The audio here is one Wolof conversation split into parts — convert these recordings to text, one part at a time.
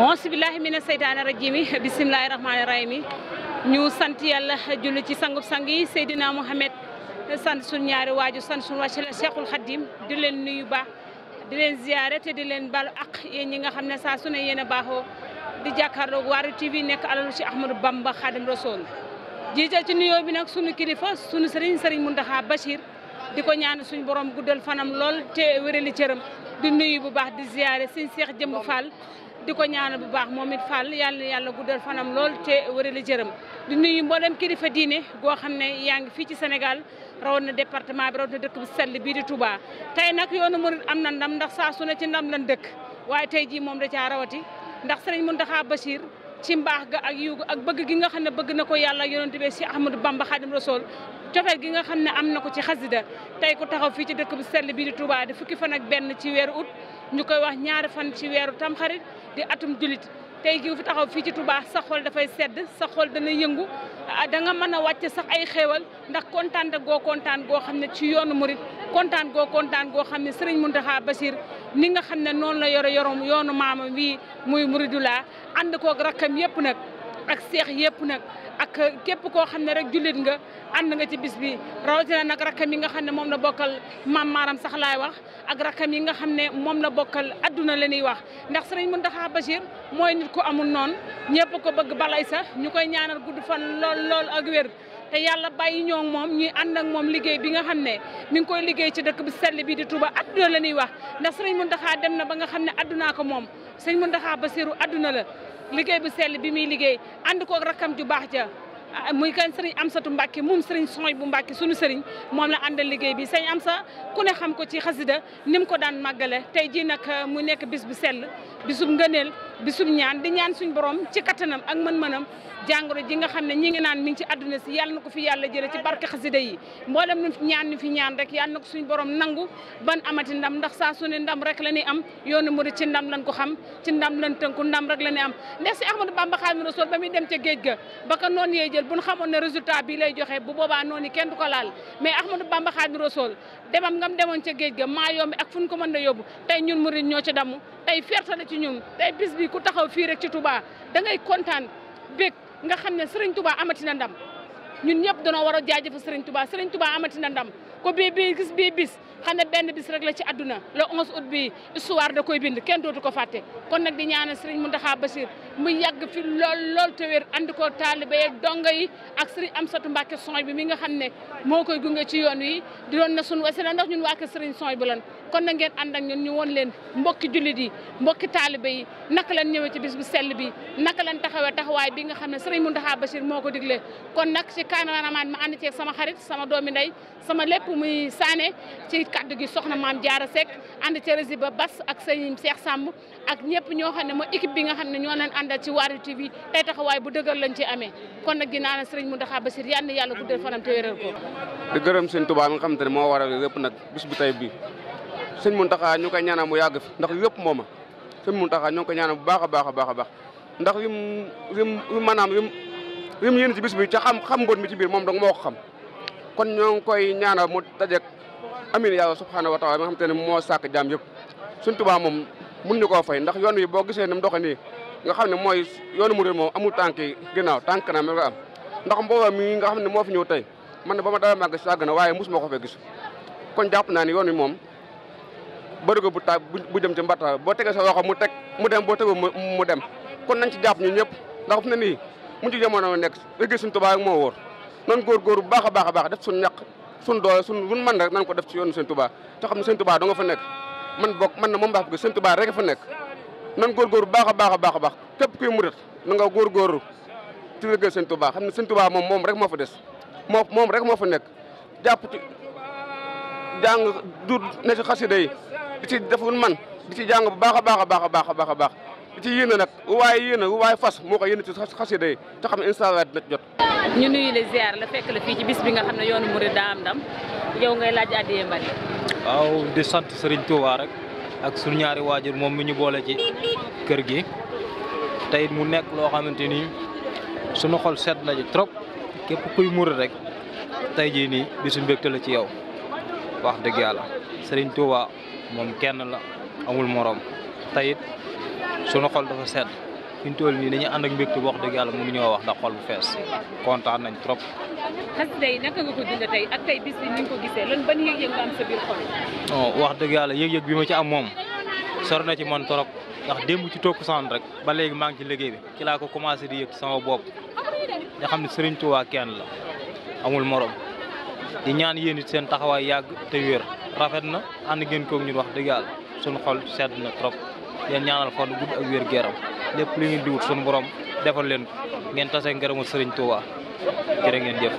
auzu billaahi mina seytaani rajiim bismillaahi rahmaani rahiim ñu sant yàlla julli ci sangub sang yi Seydina Mohamed sant suñu ñaari waaju sant suñu wàcc Cheikhul Khadim di leen nuyu baax di leen ziyaare te di leen balu ak ñi nga xam ne saa su yéen a baaxoo di jàkkaarloog Waarwi TV nekk alalu ci Ahmadou Bamba Khadim Rasoul jiital ci nuyoo bi nag sunu kilifa sunu sëriñ sëriñ Mountakha Bachir di ko ñaan suñu borom guddal fanam lool te wérali cëram di nuy bu baax di ziyaare suñu Seex Jëmb Fall di ko ñaanal bu baax moom it Fall yàlla na yàlla guddal fanam lool te wërale jërëm di nuyu mboolem kilifa diine goo xam ne yaa ngi fii ci Sénégal rawoon na département bi rawoon na dëkk bu sell bii di Touba. tey nag yoonu murid am na ndam ndax saa su ne ci ndam lan dëkk waaye tey jii moom da caa rawati ndax Serigne Mountakha Bachir ci mbaax ga ak yuugu ak bëgg gi nga xam ne bëgg na ko yàlla yonent bi si Ahmadou Bamba Xadim Rasool cofeel gi nga xam ne am na ko ci xasida tey ku taxaw fii ci dëkk bu sell bii di Touba di fukki fan benn ci weeru ut ñu koy wax ñaari fan ci weeru tamxarit di atum julit tey gi fi taxaw fii ci Touba saxool dafay sedd sa xol dana yëngu ah, da nga mën a wàcc sax ay xéewal ndax kontaan goo kontaan goo xam ne ci yoonu murit kontaan goo kontaan goo xam ne sëriñ Mountakha Bassir ni nga xam ne noonu la yore yorom yoonu maama wii muy muridula ànd koog rakkam yëpp nag ak seex yëpp nag ak képp koo xam ne rek jullit nga ànd nga ci bis bi rawatina nag rakkam yi nga xam ne moom na bokkal maam maaram sax laay wax ak rakkam yi nga xam ne moom na bokkal adduna la ñuy wax ndax sëriñ Mountakha Bachir mooy nit ko amul noonu ñëpp ko bëgg balay sax ñu koy ñaanal gudd fan lool lool ak wér te yàlla bàyyi ñoo moom ñuy ànd ak moom liggéey bi nga xam ne mi ngi koy liggéey ci dëkk bi sell bi di Touba adduna la ñuy wax ndax sëriñ Mountakha dem na ba nga xam ne addunaa ko moom sëriñ ba Bassirou adduna la liggéey bu sell bi muy liggéey ànd ko rakkam ju baax ja ah, muy kan sëriñ Amsatu Mbàkke moom sëriñ sooy bu Mbàkke sunu sëriñ moom la àndal liggéey bi sëriñ Amsa ku ne xam ko ci xasida nim ko daan màggale tey jii nag ah, mu nekk bis bu sell bisub ngëneel bisum ñaan di ñaan suñ borom ci kattanam ak mën-mënam jàngoro ji nga xam ne ñi ngi naan mi ngi ci àdduna si yàlla na ko fi yàlla jële ci barke xasida yi mboolem nu ñaan ñu fi ñaan rek yàlla na ko suñ borom nangu ban amati ndam ndax saa su ne ndam rek la ñuy am mu murid ci ndam lañ ko xam ci ndam lañ tënku ndam rek la ñuy am ndax si Ahmadou Bamba Xaadimu Rasuul ba muy dem ca géej ga ba ka noonu yee jël bu xamoon ne résultat bi lay joxe bu boobaa noonu kenn du ko laal mais Ahmadou Bamba Xaadimu Rasuul demam ngam demoon ca géej ga maa yombi ak fu ko mën a yóbbu tey ñun murid ñoo ci damu tey fierté la ci ñun tey bis bi ku taxaw fii rek ci Touba da ngay kontaan bég nga xam ne Serigne Touba amati na ndam ñun ñëpp danoo war a jaajëfal Serigne Touba Serigne Touba amati na ndam. ko bii bii gis bii bis xam ne benn bis rek la ci àdduna le 11 août bi histoire da koy bind kenn dootu ko fàtte kon nag di ñaanal sëriñ Mountakha Bassir mu yàgg fi lool lool te wér andi ko taalibe yeeg donga yi ak sëriñ Amsatou Mbacke Soñ bi mi nga xam ne moo koy gunge ci yoon wi di doon na sunu wasila ndax ñun waa kër sëriñ Soñ lan kon na ngeen ànd ak ñun ñu woon leen mbokki jullit yi mbokki taalibe yi naka lañ ñëwee ci bis bu sell bi naka lañ taxawee taxawaay bi nga xam ne sëriñ Mountakha Bassir moo ko digle kon nag ci kaanaramaan ma ànd ceeg sama xarit sama doomi ndey sama lepp muy Sané ci kaddu gi soxna maam a Seck ànd ca rési ba Bas ak sëñ seex Samb ak ñëpp ñoo xam ne mooy équipe bi nga xam ne ñoo leen àndal ci Waarwi TV tey taxawaay bu dëgër lañ ci amee kon nag ginnaaw na sëriñ Mountakha Bassir yal na yàlla guddal fanam te wéral ko di gërëm sëñ Touba mi nga xam te ne moo waral lépp nag bis bu tey bi sëñ Mountakha ñu koy ñaanal mu yàgg fi ndax lépp mooma sëñ Mountakha ñoo ngi koy ñaanal bu baax a baax a baax a baax ndax lim lim maanaam lim lim yéen ci bis bi ca xam xam ngoon mi ci moom dong moo kon ñoo ngi koy ñaanal mu tajek amin yàlla subhanahu wa taala mi nga xam te ne moo sàkk jaam yëpp suñ tubaa moom mun ñu koo fay ndax yoon wi boo gisee ni mu doxe nga xam ne mooy yoonu murid moom amul tànk yi ginnaaw tànk na ma nga am ndax mbooloo mi nga xam ne moo fi ñëw tey man ne ba ma dara màgg sàgg na waaye mosuma ko fee gis kon jàpp naa ne yoon wi moom bërigo bu taa bu jëm ci mbatta boo tegee sa loxo mu teg mu dem boo tegu mu dem kon nañ ci jàpp ñëpp ndax fu ne mu ci jamono nekk liggéey suñ tubaa moo wóor nan góorgóor bu baax a baax def suñ ñaq suñ doole suñ lun man rek nan ko def si yoonu Sëñ Tuubaa te xam ne Sëñ Tuubaa da nga fa nekk man bokk man na moom baax bëgg Sëñ Tuubaa rek fa nekk nan góorgóor bu baax a baax a baax a baax képp kuy murit na nga góorgóorlu ci liggéey Sëñ Tuubaa xam ne Sëñ Tuubaa moom moom rek moo fa des moo moom rek moo fa nekk jàpp ci jàng du ne ci xasida di ci def lu man di ci jàng bu baax a baax a baax a baax a baax a baax ci yéene nag waaye yéene waaye fas moo ko yéene ci xasida yi te xam ne incha allah jot. ñu nuyu la ziar la fekk la fii ci bis bi nga xam ne yoon murid daa am ndam yow ngay laaj addiya Mbàkke. waaw di sant Serigne Touba rek ak suñu ñaari waajur moom mi ñu boole ci kër gi tey mu nekk loo xamante ni suñu xol sedd na ji trop képp kuy murid rek tey jii nii bisu mbégte la ci yow wax dëgg yàlla Serigne moom kenn la amul morom tey sunu xol dafa sedd fi ñu toll nii dañuy ànd ak mbégte bu wax dëgg yàlla mënuñoo wax ndax xol bu fees kontaan nañ trop. xasida yi naka nga ko dund tey ak tey bis bi ni ko gisee lan ban yëg-yëg wax dëgg yàlla yëg-yëg bi ma ci am moom sor na ci man trop ndax démb ci takkusaan rek ba léegi maa ngi ci liggéey bi ci laa ko commencé di yëg sama bopp nga xam ne Serigne Touba kenn la amul moroom di ñaan yéen it seen taxawaay yàgg te wér rafet na ànd ngeen koog ñun wax dëgg yàlla sunu xol sedd na trop. yéen ñaanal fan bu gudd ak wér gu lépp lu ngeen di wut suñu borom defal leen ko ngeen tase ngërëmu Serigne Touba ngeen jëf.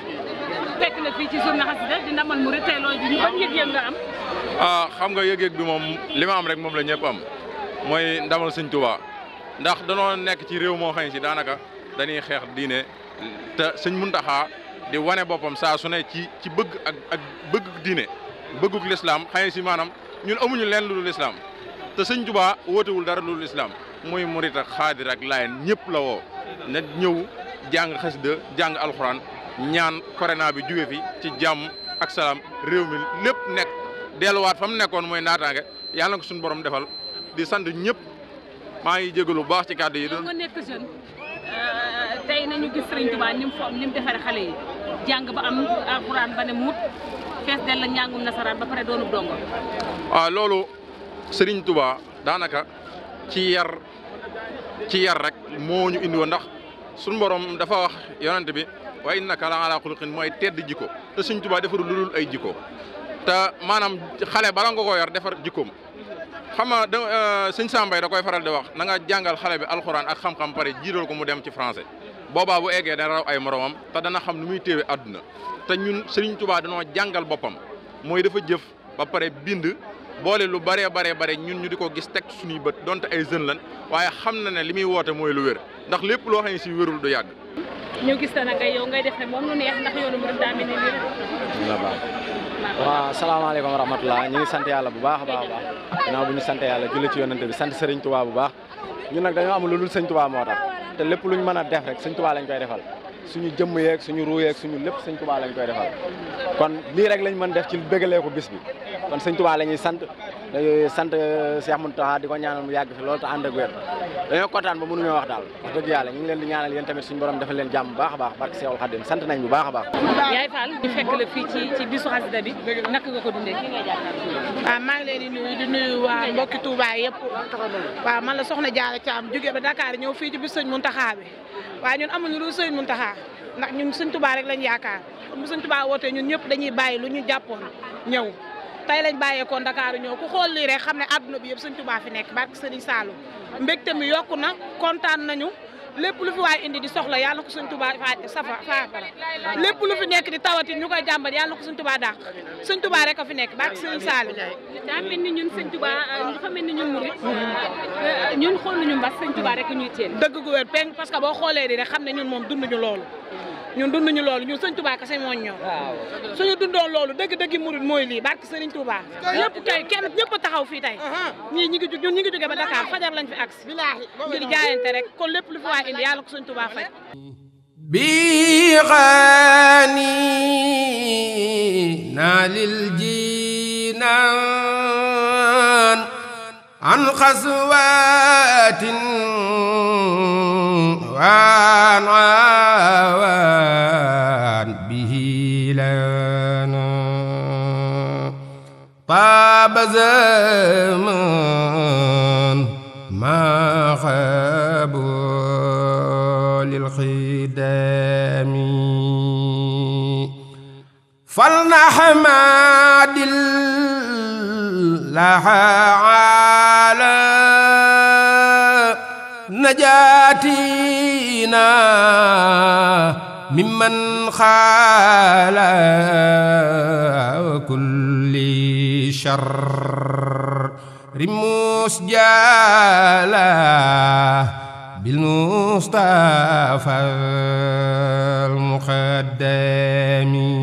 am. Ah, xam nga yëg-yëg bi moom li ma am rek moom la ñëpp am mooy ndamal Serigne Touba ndax danoo nekk ci réew moo xam si daanaka dañuy xeex diine te Serigne Mountakha di wane boppam saa su ne ci ci bëgg ak ak bëgg diine bëgguk lislaam xëy si maanaam ñun amuñu leen lu dul lislaam te suñ Tuubaa wootewul dara loolu islaam muy murit ak xaadir ak laayeen ñëpp la woo na ñëw jàng xasida jàng alxuraan ñaan corona bi jóge fi ci jàmm ak salaam réew mi lépp nekk delluwaat fa mu nekkoon mooy naataange yàlla na ko suñu borom defal di sant ñëpp maa ngi jégalu bu baax ci kàddu yi. doon nga nekk jeune euh, tey nañu gis Sëriñ defaree xale yi jàng ba am alxuraan ba ne mut fees dell la njàngum ba pare doonu dongo. Serigne Touba daanaka ci yar ci yar rek moo ñu indi woon ndax suñu borom dafa wax yonent bi waaye innaka la ala xuluqin mooy tedd jikko te Serigne Touba defar lu dul ay jikko te maanaam xale bala nga ko yar defar jikkoom xam nga da euh, sëñ Sambay da koy faral di wax na jàngal xale bi alxuraan ak xam-xam pare jiital ko mu dem ci français boobaa bu egee dana raw ay moroomam te dana xam nu muy téewe àdduna te ñun Serigne Touba dañoo jàngal boppam mooy dafa jëf ba pare bind boole lu baree baree bare ñun ñu di ko gis teg suñuy bët donte ay jeunes lan waaye xam na ne li muy woote mooy lu wér ndax lépp loo xam ne si wérul du yàgg. ñu gis na nag yow ngay def moom lu neex ndax yoonu murid daa mel ni waaw salaamaaleykum wa rahmatulah ñu ngi sant yàlla bu baax a baax baax ginnaaw bu ñu sant yàlla julli ci yonante bi sant Serigne Touba bu baax ñu nag dañoo am lu dul Serigne Touba moo tax te lépp luñ mën a def rek Serigne Touba lañ koy defal suñu jëmm yeeg suñu ruu yeeg suñu lépp sëñ Tuubaa lañ koy defal kon lii rek lañ man def ci bégalee ko bis bi kon sëñ Tuubaa la ñuy sant dañuy sant euh, Cheikh Mountakha di ko ñaanal mu yàgg fi loolu te ànd ak wér dañoo kontaan ba mënuñoo wax daal wax dëgg yàlla ñu ngi leen di ñaanal yéen tamit suñu borom defal leen jàmm a baax barke Seexul a baax yaay Fall ñu fekk fii ci bisu xasida bi naka nga ko dundee waaw maa ngi leen di nuyu di nuyu waa mbokki Touba yëpp waaw man la soxna Jaara Caam jóge ba Dakar ñëw fii ci bis sëñ Mountakha bi waa ñun amuñu lu mun Muntaxa ndax ñun sëñ Tuubaa rek lañ yaakaar bu sëñ Tuubaa wootee ñun ñëpp dañuy bàyyi lu ñu jàppoon ñëw tey lañ bàyyeekoo Ndakaaru ñëw ku xool lii rek xam ne àdduna bi yëpp sëñ Tuubaa fi nekk barke sëriñ Saalu mbégte mi yokku na kontaan nañu lépp lu fi waay indi di soxla yàlla ko suñ tubaa safa lépp lu fi nekk di tawati ñu koy jàmbat yàlla ko suñ tubaa dàq suñ tubaa rek a fi nekk baak suñ saali daa mel ni ñun suñ tubaa dafa mel ni ñun murit euh, ñun xooluñu suñ tubaa rek ñuy teen dëgg gu wér peng parce que boo xoolee di rek xam ne ñun moom dunduñu loolu ñun dunduñu loolu ñun sëñ Touba kese moo ñëw suñu dundoon loolu dëgg-dëgg murid mooy lii barke Sëriñ Touba ñëpp tey kenn ñëpp taxaw fii tey ñii ñi ngi ba Dakar fajar lañ fi agsi ngir jaayante rek kon lépp lu fi waa indi yàlla ko sëñ Touba fay bi xaani lil jinaan an xaswaatin زمان ما خابوا للخدام فلنحمد الله على نجاتنا ممن خالى كل kulli sharri musjala bil mustafa al muqaddami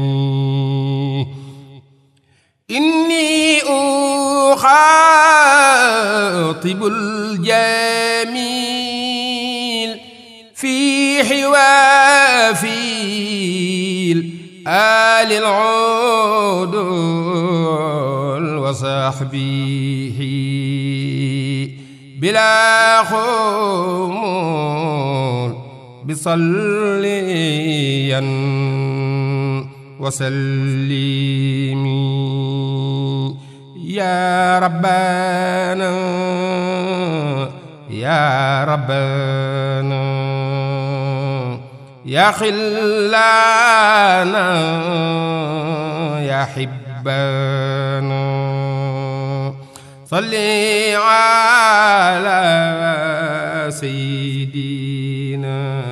inni ukhatibul jamil fi hiwafil alil udud وصحبه بلا خمول بصليا وسلم يا ربنا يا ربنا يا خلانا يا حبانا صلي على سيدنا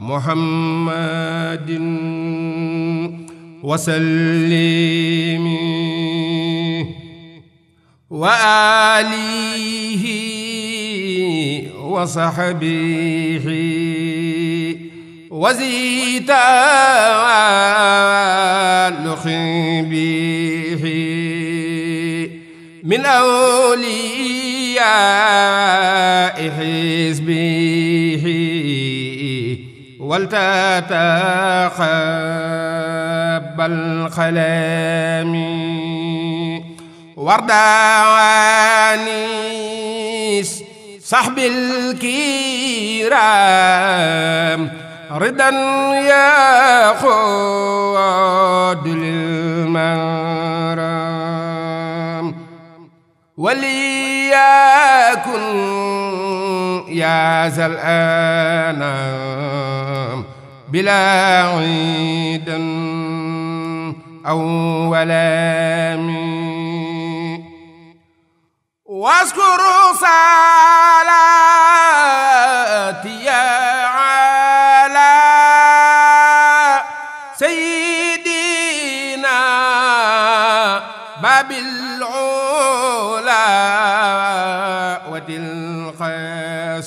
محمد وسلم وآله وصحبه وزيد تعالخ بي من أولياء حزبه ولتتقبل خلامي وردعاني صحب الكرام ردا يا خود للمن وليكن يا ذا الأنام بلا عيد أو ولام واذكروا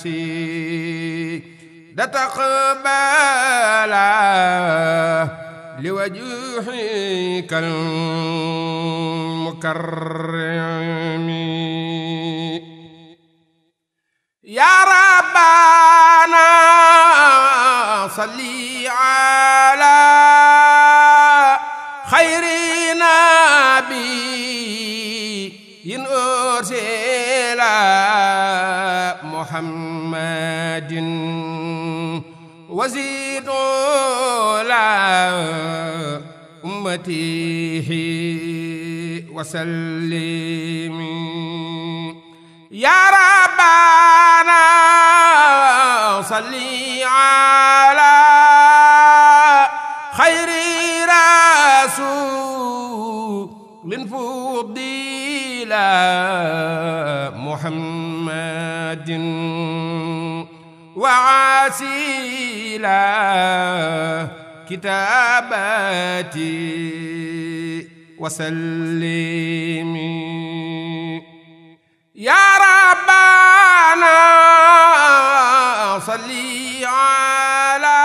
نفسي لتقبلا لوجوهك المكرم يا ربنا صلي على محمد وزيدوا على أمته وسلم يا ربنا صل على خير رسول فضيلة محمد وعاسيلا كتاباتي وسلمي يا ربنا صلي على